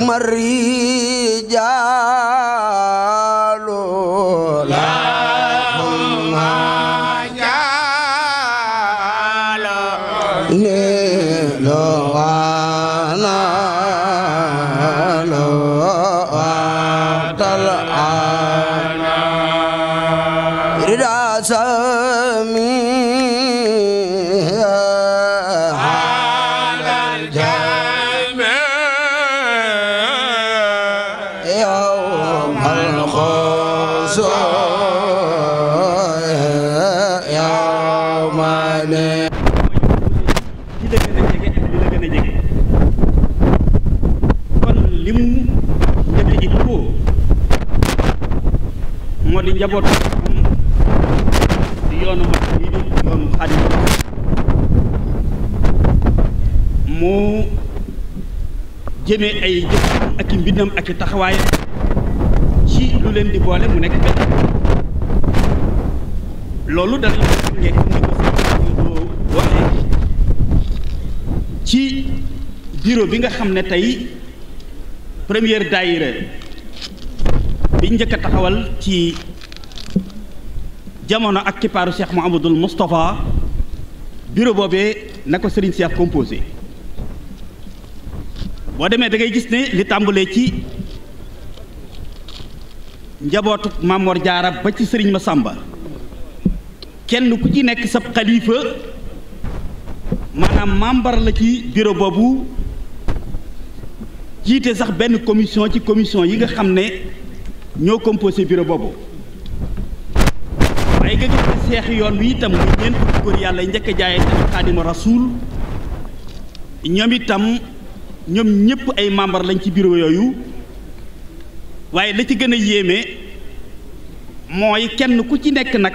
أخمر رجال lim njëkk ji ko moo di njaboot di yoonu ma yi yoonu xadim mu jëmee ay jëf ak i mbindam ak i taxawaay ci lu leen di boole mu nekk benn loolu danañ ngeen ni ko doo waxee ci bureau bi nga xam ne tey première daayira biñ njëkk a taxawal ci jamono ak kippaaru Cheikh Mouhamadoul Moustapha bureau na ko Serigne Cheikh composé boo demee da ngay gis ne li tàmbalee ci njabootu Mamor Jaara ba ci Serigne Massamba kenn ku ci nekk sab xalifa maanaam membre la ci bureau jiite sax benn commission ci commission yi nga xam ne ñoo composé bureau boobu waaye nga gis ne seexi yoon wi itam muy ñeent fukki góor yàlla njëkk a jaayee tamit xaadima rasuul ñoom itam ñoom ñëpp ay membre lañ ci bureau yooyu waaye la ci gën a yéeme mooy kenn ku ci nekk nag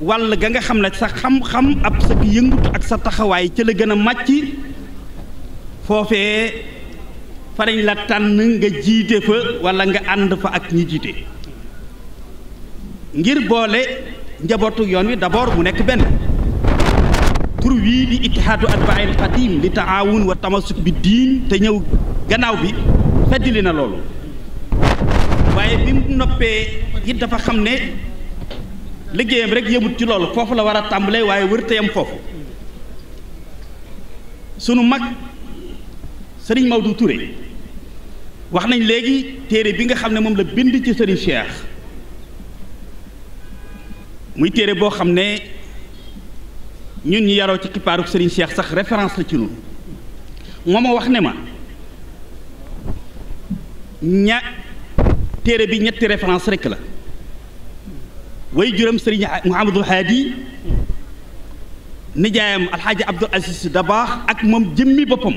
wàll ga nga xam ne sa xam-xam ab sa yëngutu ak sa taxawaay ci la gën a màcc foofee fa lañ la tànn nga jiite fa walla nga ànd fa ak ñi jiite ngir boole njabootu yoon wi d'abord mu nekk benn tur wii di ittihaadu atbaa'il xadim li taawun wa tamasuk bi diin te ñëw gannaaw bi feddili na loolu waaye bi mu noppee it dafa xam ne liggéeyam rek yëmut ci loolu foofu la war a tàmbalee waaye wërteyam foofu sunu mag sëriñ Maodo Touré wax nañ léegi téere bi nga xam ne moom la bind ci sëriñ Cheikh muy téere boo xam ne ñun ñu yaroo ci kippaaru sëriñ Cheikh sax référence la ci ñun moom a wax ne ma ña téere bi ñetti référence rekk la way juram sëriñ Mouhamadul Haadi nijaayam alxaaji Abdul Aziz Dabaax ak moom jëmmi boppam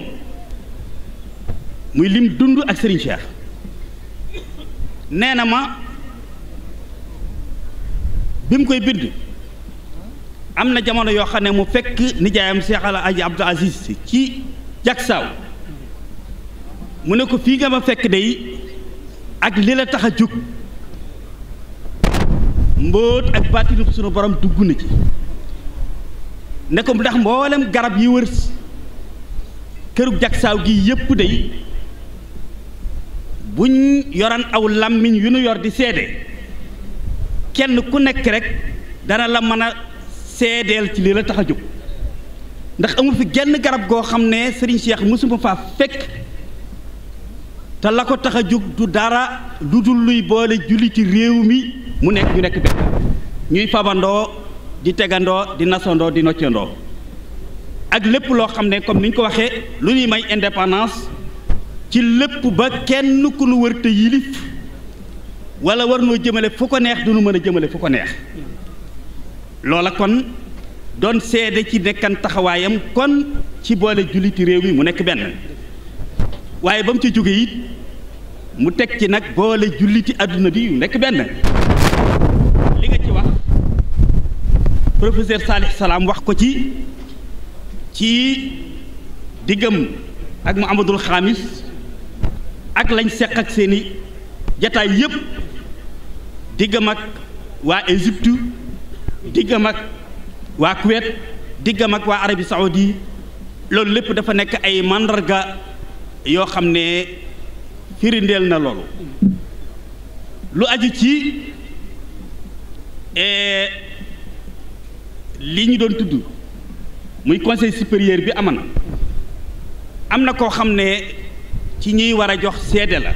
muy lim dund ak Serigne Cheikh nee na ma bi mu koy bind am na jamono yoo xam ne mu fekk nijaayam Cheikh El Hadj Abdou Aziz ci jagsaaw mu ne ko fii nga ma fekk dey ak li la tax a jóg mbóot ak baatinub sunu borom dugg na ci ne ko ndax mboolem garab yi wër kërug jagsaaw gi yépp day buñ yoran aw làmmiñ yu nu yor di seede kenn ku nekk rek dana la mën a seedeel ci lii la tax a jóg ndax amul fi genn garab goo xam ne sëriñ Cheikh mosuma faa fekk te la ko tax a jóg du dara du dul luy boole julli ci réew mi mu nekk ñu nekk benn ñuy fabandoo di tegandoo di nasandoo di noccandoo ak lépp loo xam ne comme ni ñu ko waxee lu ñuy may indépendance ci lépp ba kenn ku nu wër yilif wala war noo jëmale fu ko neex du nu mën a jëmale fu ko neex loola kon doon seede ci nekkan taxawaayam kon ci boole julliti réew mi mu nekk benn waaye ba mu ca jóge it mu teg ci nag boole julliti àdduna bi mu nekk benn li nga ci wax professeur Salih Salaam wax ko ci ci diggam ak Muhammadul Xaamis ak lañ seq ak seeni jataay yépp diggam ak waa Égypte diggam ak waa Kuwait diggam ak waa Arabie Saoudi loolu lépp dafa nekk ay màndarga yoo xam ne firindeel na loolu lu aju ci eh, li ñu doon tudd muy conseil supérieur bi ama am na koo xam ne ci ñuy war a jox seede la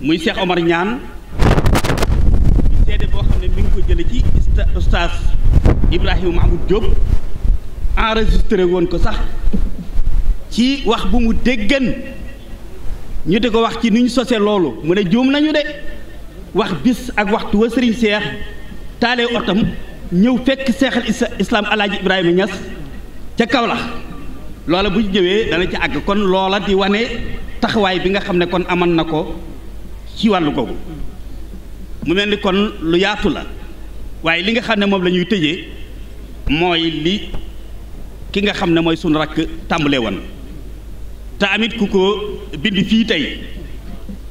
muy Cheikh Omar Ñaan muy seede boo xam ne mi ngi ko jële ci ustaas Ibrahima Mahmoud Diop enregistré woon ko sax ci wax bu mu déggan ñu di ko wax ci ni ñu sose loolu mu ne juum nañu de wax bis ak waxtu wa sëriñ seex taalee otam ñëw fekk seexal islam alaaji Ibrahima Ñas ca la loola bu jëwee dana ci àgg kon loola di wane taxawaay bi nga xam ne kon aman na ko ci wàllu googu mu mel ni kon lu yaatu la waaye li nga xam ne moom la ñuy tëjee mooy li ki nga xam ne mooy sunu rakk tàmbalee woon te amit ku ko bind fii tey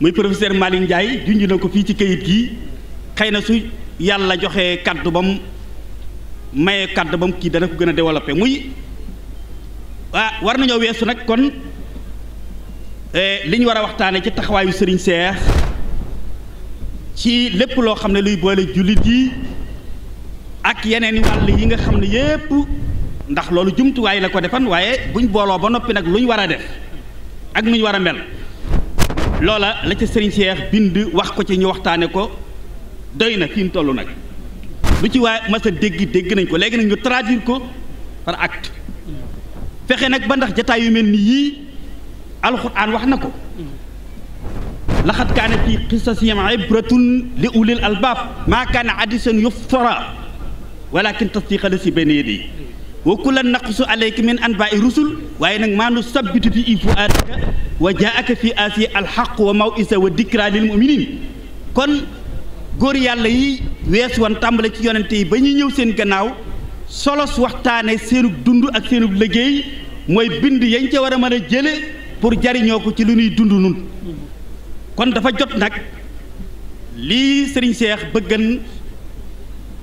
muy professeur Malick Ndiaye junj na ko fii ci kayit gi xëy na su yàlla joxe kaddu bam maye kaddu bam kii dana ko gën a développé muy ah war nañoo weesu nag kon eh, li ñu war a waxtaane ci taxawaayu sëriñ Seex ci lépp loo xam ne luy boole jullit yi ak yeneen i wàll yi nga xam ne yépp ndax loolu jumtuwaay la ko defan waaye buñ booloo ba noppi nag lu ñu war a def ak nu war a mel loola la ca sëriñ Seex bind wax ko ci ñu waxtaane ko doy na fi mu toll nag lu ci waaye mas dégg dégg nañ ko léegi nag ñu traduire ko par acte fexe nag ba ndax jataay yu mel ni yii alxuraan wax na ko laxat kaana fi qisasihim ibratun li ulil albaab maa kaana hadiisan yuftara walakin tasdiqa la si bayna yadayhi wa kullan naqsu alayka min anbaa'i rusul waaye nag maa nu sabbitu bi fuaadaka wa jaaka fi aasi alxaq wa mawisa wa dikra lil kon góor yàlla yi wees wan tàmbale ci yonente yi ba ñuy ñëw seen gannaaw solos waxtaane seenub dund ak seenub liggéey mooy bind yañ ca war a mën a jële pour jariñoo ko ci lu ñuy dund nun kon dafa jot nag lii sëriñ Seex bëggan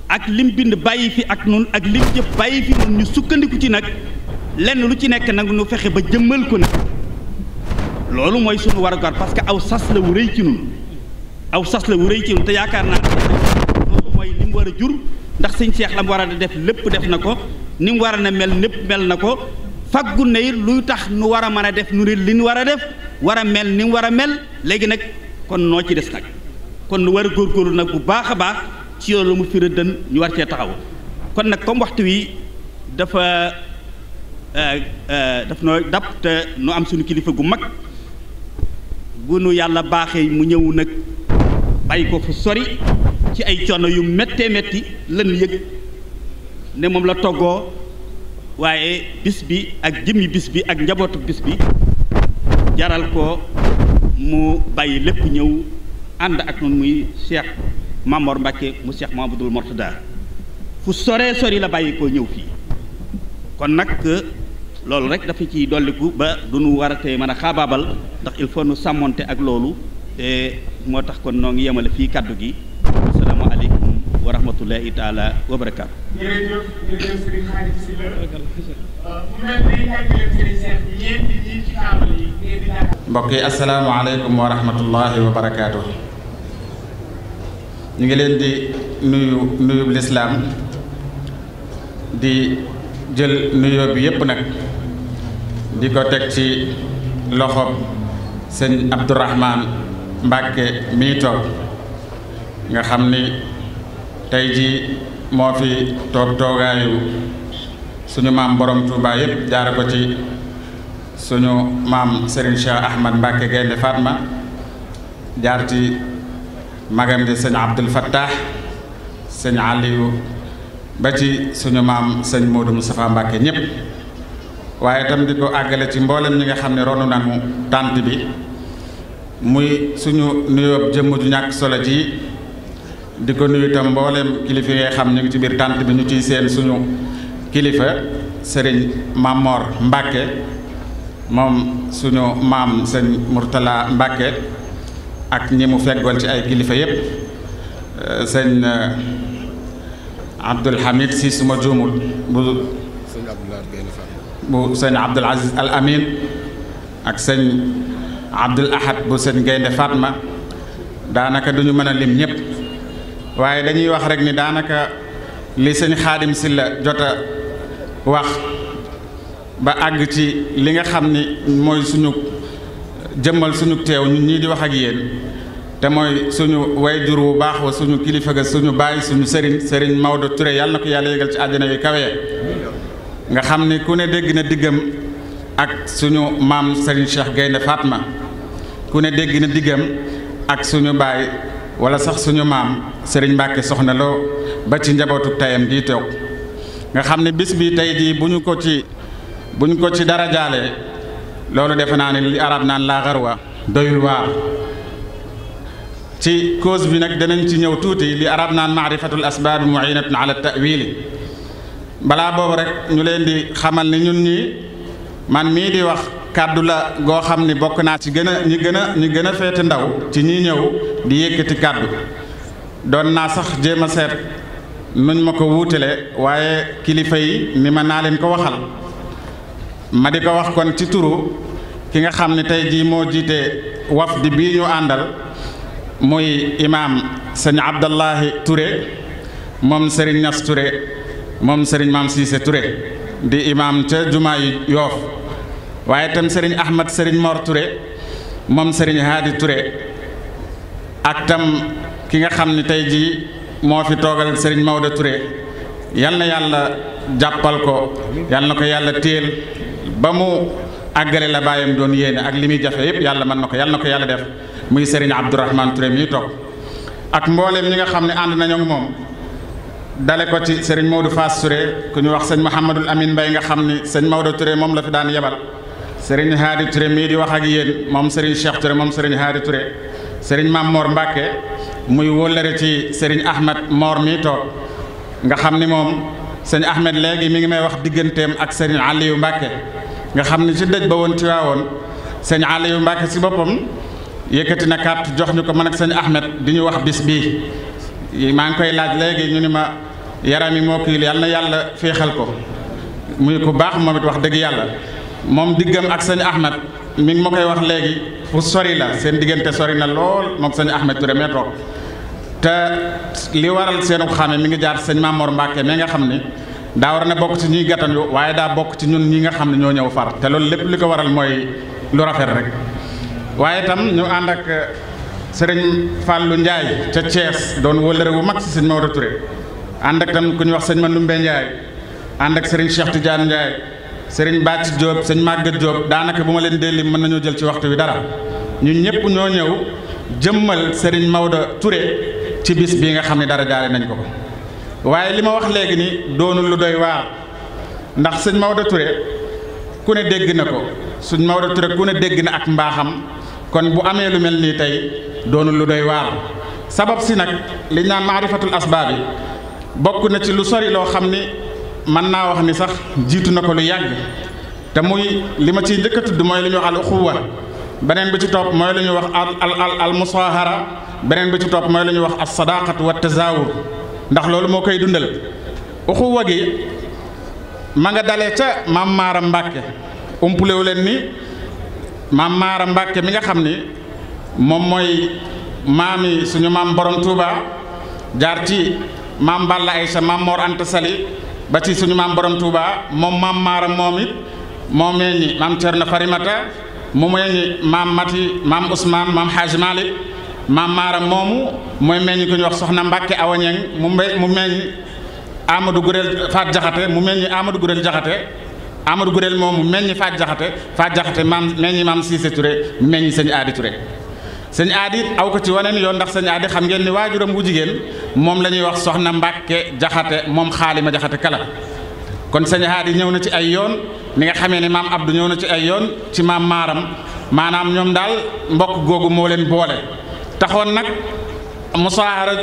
ak lim bind bàyyi fi ak nun ak lim jëf bàyyi fi nun ñu sukkandiku ci nag lenn lu ci nekk nag nu fexe ba jëmmal ko nag loolu mooy sunu a parce que aw sas la wu rëy ci nun aw sas la wu rëy ci nun te yaakaar naa loolu mooy li war a jur ndax sëñ Cheikh la war a def lépp def na ko ni mu war a na mel lépp mel na ko faggu na it luy tax nu war a mën a def nu ne li nu war a def war a mel ni war a mel léegi nag kon noo ci des nag kon nu war a góorgóorlu nag bu baax a baax ci yoon la mu fi rëddan ñu war cee taxaw kon nag comme waxtu wi dafa euh, euh, daf noo dab te nu am suñu kilifa gu mag bu nu yàlla baaxee mu ñëw nag bàyyi ko fu sori ci ay coono yu méttee métti lan yëg ne moom la toggoo waaye bis bi ak jëmmi bis bi ak njabootu bis bi jaral ko mu bàyyi lépp ñëw ànd ak noonu muy Cheikh Mamor Mbacke mu dul Mamadou Mortada fu soree sori la bàyyi koo ñëw fii kon nag loolu rek dafa ciy dolliku ba du nu war a tey mën a xaabaabal ndax il faut nu sàmmoonte ak loolu te moo tax kon noo yemale fii kàddu gi rahmatullahi taala wa yi ngeen di wa rahmatullahi wa barakaatu. ñu ngi leen di nuyu nuyub lislaam di jël nuyoo bi yépp nag di ko teg ci loxob seen Abdourahman Mbàkke mii toog nga xam ni tey ji moo fi toog toogaayu suñu maam borom Touba yëpp jaare ko ci suñu maam Serigne Cheikh Ahmad Mbacke Gaynde Fatma jaar ci magam di sëñ Abdul Fattah sëñ Aliou ba ci suñu maam sëñ Modou Moustapha Mbacke ñëpp waaye tam di ko àggale ci mboolem ñi nga xam ne ronu nañu tànt bi muy suñu nuyoo jëmm ju ñàkk solo ji di ko nuyu itam mbooleem kilifa yi xam ñu ngi ci biir tànt bi ñu ciy seen suñu kilifa sëriñ Mamor Mbacke moom suñu maam sëñ Mourtala Mbacke ak ñi mu feggoon ci ay kilifa yépp euh, sëñ euh, Abdoul Hamid si suma juumul bu bu sëñ Aziz Al Amin ak sëñ Abdoul Ahad bu sëñ Gaynde Fatma daanaka duñu mën a lim ñëpp waaye dañuy wax rek ni daanaka li seen xaadim si la jot wax ba àgg ci li nga xam ni mooy suñu jëmmal suñu teew ñu ñii di wax ak yéen te mooy suñu way jur wu baax wa suñu kilifa ga suñu baay suñu sëriñ sëriñ Maodo Touré yàlla na ko yàlla yégal ci àddina yu kawe nga xam ni ku ne dégg na diggam ak suñu maam sëriñ Cheikh Gaynde Fatma ku ne dégg na diggam ak suñu baay wala sax suñu maam sëriñ Mbacke soxna loo ba ci njabootu tayam di toog nga xam ne bis bi tey jii bu ñu ko ci bu ñu ko ci dara jaalee loolu defe naa ne li arab naan laa xarwa doyul waar ci cause bi nag danañ ci ñëw tuuti li arab naan maarifatul asbaabi muinatun ala tawili balaa boobu rek ñu leen di xamal ni ñun ñi man mii di wax kàddu la goo xam ni bokk naa ci gën a ñi gën a ñi gën a feeti ndaw ci ñi ñëw di yëkkati kàddu doon naa sax jéem a seet nuñ ma ko wuutale waaye kilifa yi ni ma naa leen ko waxal ma di ko wax kon ci turu ki nga xam ni tey jii moo jiite wafdi bii ñu àndal muy imaam sëñ Abdallahi ture moom Serigne Niass Touré moom sëriñ Maam Cissé Touré di imaam ca jumaa yi Yoof waaye itam sëriñ Ahmad sëriñ Mor Touré moom sëriñ Hadi Touré ak tam ki nga xam ni tey jii moo fi toogal sëriñ Maodo ture yal na yàlla jàppal ko yal na ko yàlla téel ba mu àggale la bàyyam doon yéene ak li muy jafe yëpp yàlla mën na ko yal na ko yàlla def muy sëriñ Abdourahman Touré mi toog ak mbooleem ñi nga xam ne ànd nañu ak moom dale ko ci sëriñ Maodo Fass Touré ku ñu wax sëñ Mouhamadul Amin mbay nga xam ni sëñ Maodo ture moom la fi daan yebal. sëriñ Haadi Touré mii di wax ak yéen moom sëriñ Cheikh Touré moom sëriñ Haadi Touré sëriñ Maam moor Mbàkke muy wóllëre ci sëriñ Ahmed moor mii toog nga xam ni moom sëñ Ahmed léegi mi ngi may wax digganteem ak sëriñ yu Mbàkke nga xam ni ci dëj ba woon Tiwaawoon sëñ yu Mbàkke si boppam yëkkati na kàtt jox ñu ko ma ak sëñ Ahmed di ñu wax bis bii maa ngi koy laaj léegi ñu ni ma yaram yi moo kii yal na yàlla féexal ko muy ku baax moom it wax dëgg yàlla. moom diggam ak sëñ Ahmed mi ngi ma koy wax léegi fu sori la seen diggante sori na lool moom sëñ Ahmed Touré mee toog te li waral seenu xame mi ngi jaar sëñ Mamor Mbacke mi nga xam ne daa war na bokk ci ñuy gàttan waaye daa bokk ci ñun ñi nga xam ne ñoo ñëw far te loolu lépp li ko waral mooy lu rafet rek waaye itam ñu ànd ak euh, sëriñ Fallou Ndiaye ca Thiès doon wëllëre bu mag si sëñ Maodo Touré ànd ak tam ku ñu wax sëñ Manoumbe Ndiaye ànd ak sëriñ Cheikh Tidiane Ndiaye sëriñ Bàcc Diop sëñ Màggat Diop daanaka bu ma leen dee lim mën nañoo jël ci waxtu wi dara ñun ñëpp ñoo ñëw jëmmal sëriñ Maodo Touré ci bis bii nga xam ne dara jaale nañ ko ko waaye li ma wax léegi ni doonul lu doy waar ndax sëñ Maodo Touré ku ne dégg na ko suñ Maodo Touré ku ne dégg na ak mbaaxam kon bu amee lu mel nii tey doonul lu doy waar sabab si nag li ñu naan maarifatul asbaab yi bokk na ci lu sori xam ni. man naa wax ni sax jiitu na ko lu yàgg te muy li ma ciy njëkk tudd mooy li ñuy wax al beneen bi ci topp mooy li ñuy wax al al musaahara beneen bi ci topp mooy li ñuy wax as sadaqatu wa tazawur ndax loolu moo koy dundal uxuwa gi ma nga dalee ca maam Maara Mbàkke umpulewu leen ni maam Maara Mbàkke mi nga xam ni moom mooy maami suñu maam Borom Touba jaar ci maam Balla Aysa maam Mor Anta Sali ba ci suñu maam borom Touba moom maam maaram moom it moo mel ni maam Thierno Farimata mu mel maam Mati maam Ousmane maam Hadj Malick maam maaram moomu mooy meññ ni ku ñuy wax soxna Mbacke Awañeng mu mel mu mel ni Amadou Faat Jaxate mu mel ni Amadou Gurel Jaxate Amadou Gurel moomu mel ni Faat Jaxate Faat Jaxate maam mel ni maam Cissé Touré mel ni sëñ Aadi Touré. sëñ aadi aw ko ci waneen yoon ndax sëñ aadi xam ngeen ni waajuram wu jigéen moom la ñuy wax soxna mbàkke jaxate moom xaalima jaxate kala kon sëñ aadi ñëw na ci ay yoon ni nga xamee ne maam abdu ñëw na ci ay yoon ci maam maaram maanaam ñoom daal mbokk googu moo leen boole taxoon nag musaahara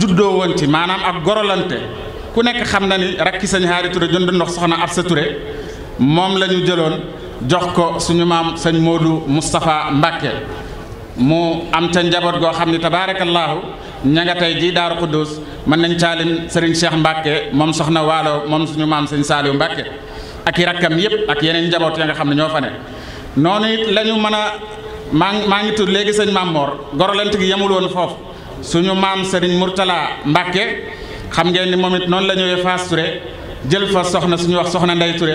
juddoo woon ci maanaam ak gorolante ku nekk xam na ni rakki sëñ aadi Touré jënd ndox soxna Absa Touré moom lañu jëloon jox ko suñu maam sëñ Modou Moustapha Mbàkke mu am ca njaboot goo xam ne tabaarakallaahu ña nga tey jii Daaru Xuddus mën nañ caa lim Serigne Cheikh Mbacke moom soxna Waalo moom suñu maam Serigne Saliou Mbacke ak i rakkam yëpp ak yeneen njaboot ya nga xam ne ñoo fa noonu it la ñu mën a maa maa ngi tudd léegi sëñ Maam goro gorolent gi yemul woon foofu suñu maam Serigne Mourtala Mbacke xam ngeen ni moom it noonu la ñëwee Fass Touré jël fa soxna suñu wax soxna Ndey Touré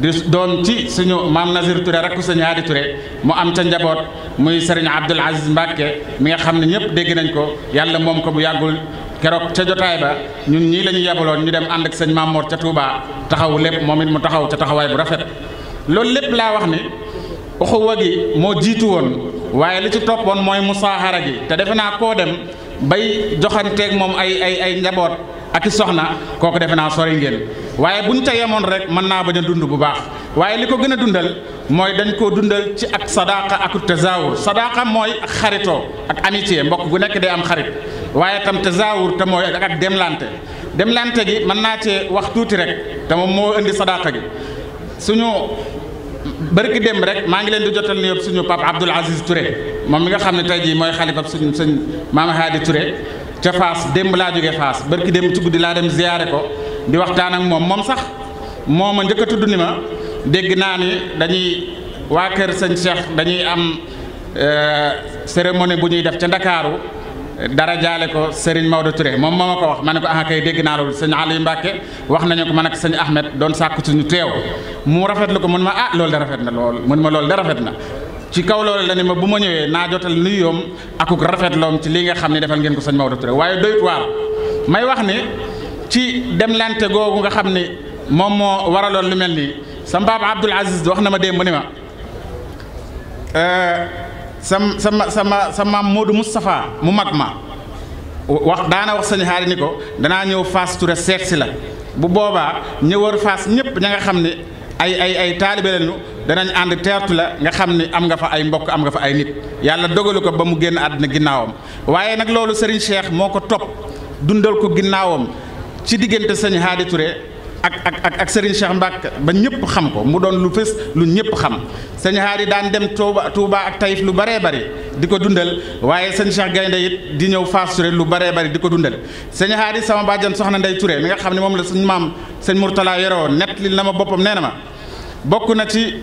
di doon ci suñu maam Nazir Touré rakku suñu Hadi mu am ca njaboot muy Serigne Abdoul Aziz Mbacke mi nga xam ne ñëpp dégg nañ ko yàlla moom ko bu yàggul keroog ca jotaay ba ñun ñii la ñu yabaloon ñu dem ànd ak sëñ Mamour ca Touba taxaw lépp moom it mu taxaw ca taxawaay bu rafet. loolu lépp laa wax ni uxuwa gi moo jiitu woon waaye li ci toppoon mooy musaaxara gi te defe naa koo dem bay joxanteeg moom ay ay ay njaboot ak i soxna kooku defe naa sori ngeen. waaye bu ñu ca yemoon rek mën naa bañ a dund bu baax waaye li ko gën a dundal mooy dañ koo dundal ci ak sadaqa ak tazawur sadaqa mooy xaritoo ak amitié mbokk gu nekk day am xarit waaye tam tazawur te mooy ak demlante demlante gi mën naa cee wax tuuti rek te moom moo indi sadaqa gi suñu barki dem rek maa ngi leen di jotal ni yëpp suñu pap Abdoul Aziz Touré moom mi nga xam ne tey jii mooy xalifa suñu sëñ Maam Haadi Touré ca Faas démb laa jógee Faas barki dem ci guddi laa dem ziyaare ko di waxtaan ak moom moom sax moom ma njëkk a tudd ni ma dégg naa ni dañuy waa kër sëñ Cheikh dañuy am euh, cérémonie bu ñuy def ca Ndakaaru dara jaale ko Serigne Maodo Touré moom moo ma ko wax ma ne ko ah, dégg naa loolu sëñ Aliou Mbacke wax nañu ko man ak sëñ Ahmed doon sàkku suñu teew mu lu ko mun ma ah loolu de rafet na lool mun ma loolu de rafet na. ci kaw loolu la ni ma bu ma ñëwee naa jotal nuyoom akuk rafetloom ci li nga xam ni defal ngeen ko sëñ Maodo Touré waaye doyut waar may wax ni. ci demlante googu nga xam ni moom moo waraloon lu mel nii sa mbaam Abdul Aziz wax na ma démb ni ma euh, sam sama sama sa maam Modou mustafaa mu mag ma wax daana wax sëñ xaari ni ko danaa ñëw faas Touré seet si la bu boobaa ñëwër Fass ñëpp ña nga xam ne ay ay ay taalibe lañu danañ ànd teertu la nga xam ni am nga fa ay mbokk am nga fa ay nit yàlla dogalu ko ba mu génn àddina ginnaawam waaye nag loolu Serigne Cheikh moo ko topp dundal ko ginnaawam ci diggante sëñ Haadi Touré ak ak ak ak Serigne Cheikh ba ñëpp xam ko mu doon lu fës lu ñëpp xam sëñ Haadi daan dem Touba Touba ak Taïf lu baree bari di ko dundal waaye sëñ Cheikh Gaynde it di ñëw Fass Touré lu baree bari di ko dundal sëñ Haadi sama bàjjan soxna Ndey ture mi nga xam ne moom la suñ maam sëñ Mourtala yore woon nett li na ma boppam nee na ma bokk na ci.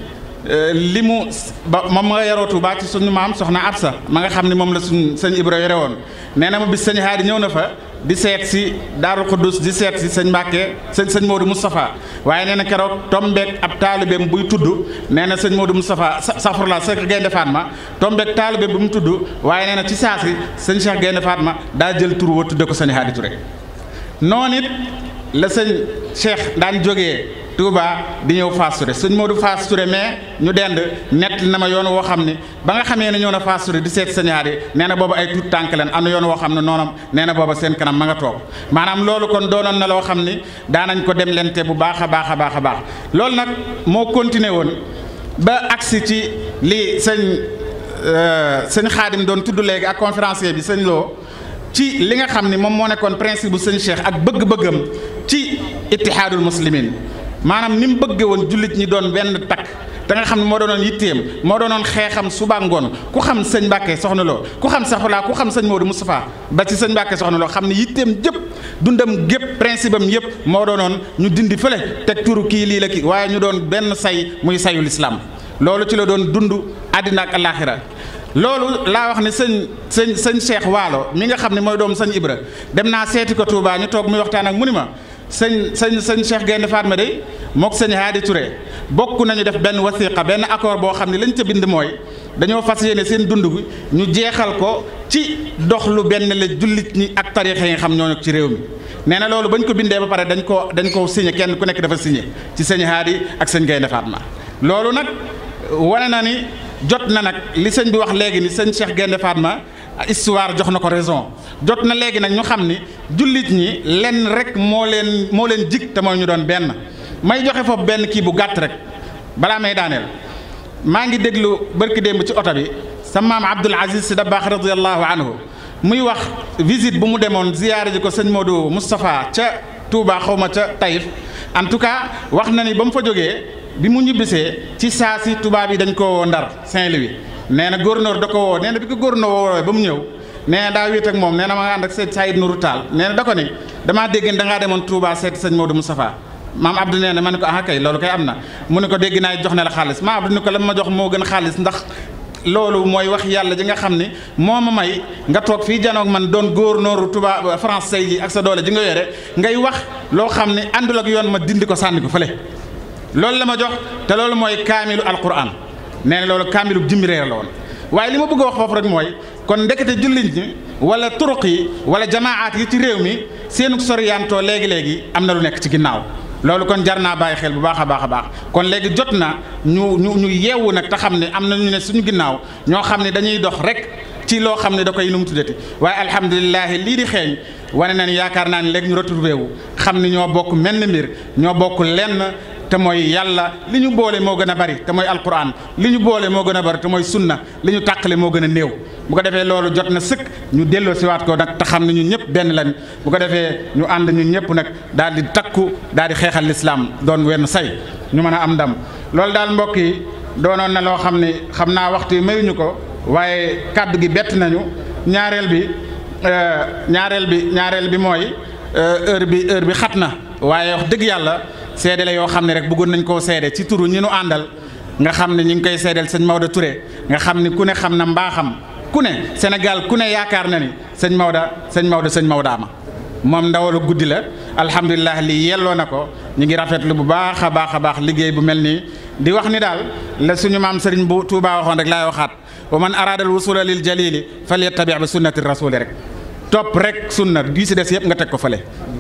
Euh, li mu ba moom nga yaroo Touba ci suñu maam soxna sax ma nga xam ni moom la suñ sëñ Ibra yore woon nee ma bis sëñ Haadi ñëw na fa di seet si Daaru Xuddus di seet si sëñ Mbàkke sëñ sëñ Modou Moustapha waaye nee na keroog tombeek ab taalibeem buy tudd nee na sëñ Modou Moustapha safurla Cheikh Gaynde Fatma tombeek taalibe bu mu tudd waaye nee na ci saasi sëñ Cheikh Gaynde Fatma daa jël tur wa tudde ko sëñ Haadi Touré noonu it la sëñ Cheikh daan jógee Touba di ñëw Fass Touré sëñ Modou Fass Touré mais ñu dend nett na ma yoon woo xam ne ba nga xamee ne ñoo na Fass Touré di seet sañaar yi nee na booba ay tuut tànk leen am na yoon woo xam ne noonam nee na booba seen kanam ma nga toog maanaam loolu kon doonoon na loo xam ni daanañ ko dem lente bu baax a baax a baax a baax loolu nag moo continué woon ba agsi ci li sëñ euh, sëñ xaadim doon tudd léegi ak conférencier bi sëñ Lo ci li nga xam ni moom moo nekkoon principe bu sëñ Cheikh ak bëgg-bëggam ci ittihaadul muslimin maanaam ni mu bëggee woon jullit ñi doon benn takk da nga xam ne moo doonoon yitteem moo doonoon xeexam suba ngoon ku xam sañ Mbàkke soxna loo ku xam saxulaa ku xam sëñ Moodu Moustapha ba ci sëñ Mbàkke soxna loo xam ne yitteem jëpp dundam gépp principe am yëpp moo doonoon ñu dindi fële teg turu kii lii la kii waaye ñu doon benn say muy sayul islaam loolu ci la doon dund àddina ak alaaxira laa wax ne sëñ sëñ sëñ Cheikh Waalo mi nga xam ne mooy doom sëñ Ibra dem naa seeti ko Touba ñu toog muy waxtaan ak mu ni ma sëñ sëñ sëñ Cheikh Gaynde Fatma day mook sëñ Haadi Touré bokk nañu def benn wasiqa benn accord boo xam ne lañ ca bind mooy dañoo fas yéene seen dund bi ñu jeexal ko ci dox lu benn la jullit ñi ak tarixa yi nga xam ñoo ci réew mi nee na loolu bañ ko bindee ba pare dañ koo dañ koo signé kenn ku nekk dafa signé ci sëñ Haadi ak sëñ Gaynde Fatma loolu nag wane na ni jot na nag li sëñ bi wax léegi ni sëñ Cheikh Gaynde Fatma histoire jox na ko raison jot na léegi nag ñu xam ni jullit ñi lenn rek moo leen moo leen jig te mooy ñu doon benn may joxe foofu benn kii bu gàtt rek balaa may daaneel maa ngi déglu barki démb ci oto bi sa maam Abdul Aziz Sy Dabakh radiyallahu anhu muy wax visite bu mu demoon ziyaare ji ko sëñ Modou Moustapha ca Touba xawma ca Taïf en tout cas wax na ni ba mu fa jógee bi mu ñibbisee ci saa si tubaab yi dañ ko ndar Saint-Louis nee na gouverneur da ko woo nee na bi ko gouverneur woowee ba mu ñëw nee na daa wéet ak moom nee na ma nga ànd ak sëñ Saïd Nourou Tall nee na da ko ni damaa dégg ne da ngaa demoon Touba seeti sëñ Maodo Moustapha maam Abdou nee na ma ne ko ah loolu koy am na mu ne ko dégg naa jox ne la xaalis maam Abdou ne ko la ma jox moo gën xaalis ndax loolu mooy wax yàlla ji nga xam ne moo ma may nga toog fii janoog man doon góor góornóoru tubaab France yi ak sa doole ji nga yore ngay wax loo xam ne àndul ak yoon ma dindi ko sànni ko fële loolu la ma jox te loolu mooy kaamilu alquran nee na loolu kaamilub jëmmi reer la woon waaye li ma bëgg a wax foofu rek mooy kon ndekete jullit ñi wala turuq yi wala jamaat yi ci réew mi seenu soriyaantoo léegi-léegi am na lu nekk ci ginnaaw loolu kon jar naa bàyyi xel bu baax a baax a baax kon léegi jot na ñu ñu ñu yeewu nag te xam ne am na ñu ne suñu ginnaaw ñoo xam ne dañuy dox rek ci loo xam ne da koy nu mu tuddati waaye alhamdulilah lii di xeeñ wane nan yaakaar naa ne léegi ñu retrouvé wu xam ne ñoo bokk menn mbir ñoo bokk lenn te mooy yàlla li ñu boole moo gën a bari te mooy alquran li ñu boole moo gën a bari te mooy sunna li ñu tàqale moo gën a néew bu ko defee loolu jot na sëkk ñu delloo siwaat ko nag te xam ne ñun ñëpp benn lañ bu ko defee ñu ànd ñun ñëpp nag daal di takku daal di xeexal lislaam doon wenn say ñu mën a am ndam loolu daal mbokk yi doonoon na loo xam ne xam naa waxtu yi mayuñu ko waaye kàddu gi bett nañu ñaareel bi euh, ñaareel bi ñaareel bi mooy euh, heure bi heure bi xat na waaye wax dëgg yàlla seede la yoo xam ne rek bëggoon nañ koo seede ci turu ñu nu àndal nga xam ne ñu ngi koy seedeel sëñ Maodo Touré nga xam ne ku ne xam na mbaaxam ku ne Sénégal ku ne yaakaar na ni sëñ Maodo sëñ Maodo sëñ ma moom ndawalu guddi la alhamdulilah lii yelloo na ko ñu ngi rafetlu bu baax a baax a baax liggéey bu mel nii di wax ni daal la suñu maam Serigne bu tuubaa waxoon rek laay waxaat wa man araadal wusula lil jalili falyattabi bi sunnati rasuli rek topp rek sunna di si des yëpp nga teg ko fële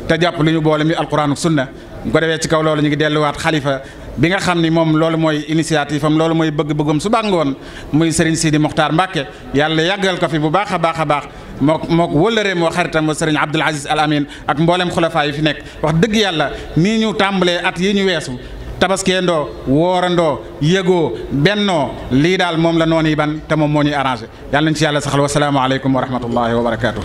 te jàpp li boole mi alquran sunna bu ko defee ci kaw loolu ñu ngi delluwaat xalifa bi nga xam ni moom loolu mooy initiative am loolu mooy bëgg-bëggam su ngoon muy Serigne Sidi Mokhtar Mbacke yàlla yàggal ko fi bu baax a baax a baax moo moo wëllëree moo xaritam ba Serigne Abdoul Aziz Al Amin ak mboolem xulafaa yi fi nekk wax dëgg yàlla nii ñu tàmbalee at yi ñu weesu. tabaskeendoo woorandoo yëgoo bennoo lii daal moom la noonu yi ban te moom moo ñuy arrangé yàlla nañ ci yàlla saxal w wa rahmatullahi wa barakaatu.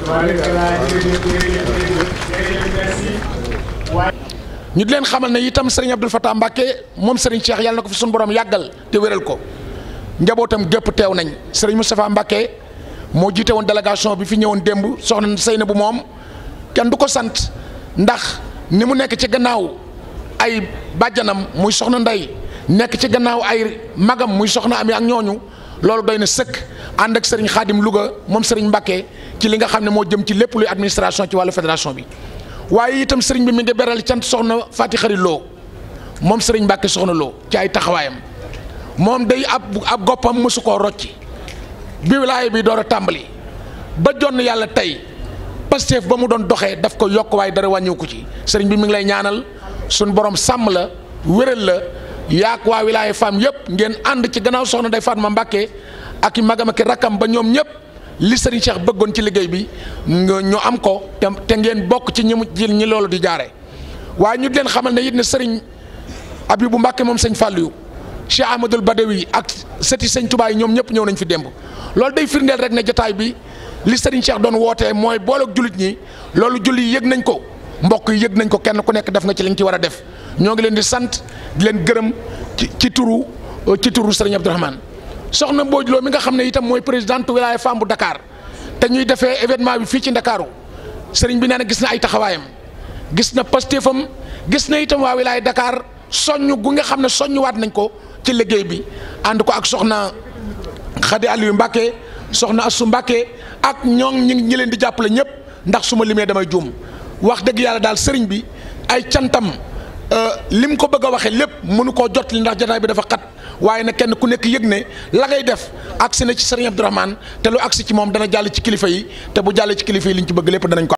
ñu di leen xamal ne itam sëriñ Abdou Fatah Mbacke moom sëriñ Cheikh yàlla na ko fi suñu borom yàggal te wéral ko njabootam gépp teew nañ mu Moustapha Mbacke moo jiite woon délégation bi fi ñëwoon démb soxna Seyna bu moom kenn du ko sant ndax ni mu nekk ci gannaaw ay bàjjanam muy soxna ndey nekk ci gannaaw ay magam muy soxna ami ak ñooñu loolu doy na sëkk ànd ak sëriñ Xaadim Louga moom sëriñ Mbacke ci li nga xam ne moo jëm ci lépp luy administration ci wàllu fédération bi. waaye itam sëriñ bi mi ngi beral cant soxna Faati Xari Lo moom sëriñ Mbàkke soxna loo ci ay taxawaayam moom day ab ab goppam mësu koo rocci bi wilaaya bi door a tàmbali ba jonn yàlla tey Pastef ba mu doon doxee daf ko yokk waaye dara wàññiwu ci sëriñ bi mi ngi lay ñaanal suñ borom sàmm la wéral la yaak waa wilaaya femme yëpp ngeen ànd ci gannaaw soxna day Fatma Mbàkke ak i magam ak i rakkam ba ñoom ñëpp. li sëriñ Cheikh bëggoon ci liggéey bi ñu am ko te te ngeen bokk ci ñi mu ñi loolu di jaare waaye ñu leen xamal ne it ne sëriñ Abibu Mbàkke moom sëñ Fàllu Cheikh Ahmadul Badawi ak sëti sëñ tubaay yi ñoom ñëpp ñëw nañ fi démb loolu day firndeel rek ne jotaay bi li sëriñ Cheikh doon wootee mooy booloog jullit ñi loolu julli yëg nañ ko mbokk yi yëg nañ ko kenn ku nekk def nga ci li nga ci war a def ñoo ngi leen di sant di leen gërëm ci turu ci turu sëriñ Abdourahmane soxna Mbodj Lo mi nga xam ne itam mooy présidente wilaya femme bu Dakar te ñuy defee événement bi fii ci Ndakaaru sëriñ bi nee na gis na ay taxawaayam gis na pastéefam gis na itam waa wilaya dakaar soññ gu nga xam ne waat nañ ko ci liggéey bi ànd ko ak soxna àll yu Mbacke soxna Assou Mbacke ak ñoom ñi ñi leen di jàppale ñëpp ndax suma ma limee damay juum wax dëgg yàlla daal sëriñ bi ay cantam euh, lim ko bëgg a waxee lépp mënu koo jot li ndax jotaay bi dafa xat. waaye nag kenn ku nekk yëg ne la ngay def agsi na ci sëriñ Abdourahmane te lu agsi ci moom dana jàll ci kilifa yi te bu jàllee ci kilifa yi liñ ci bëgg lépp danañ ko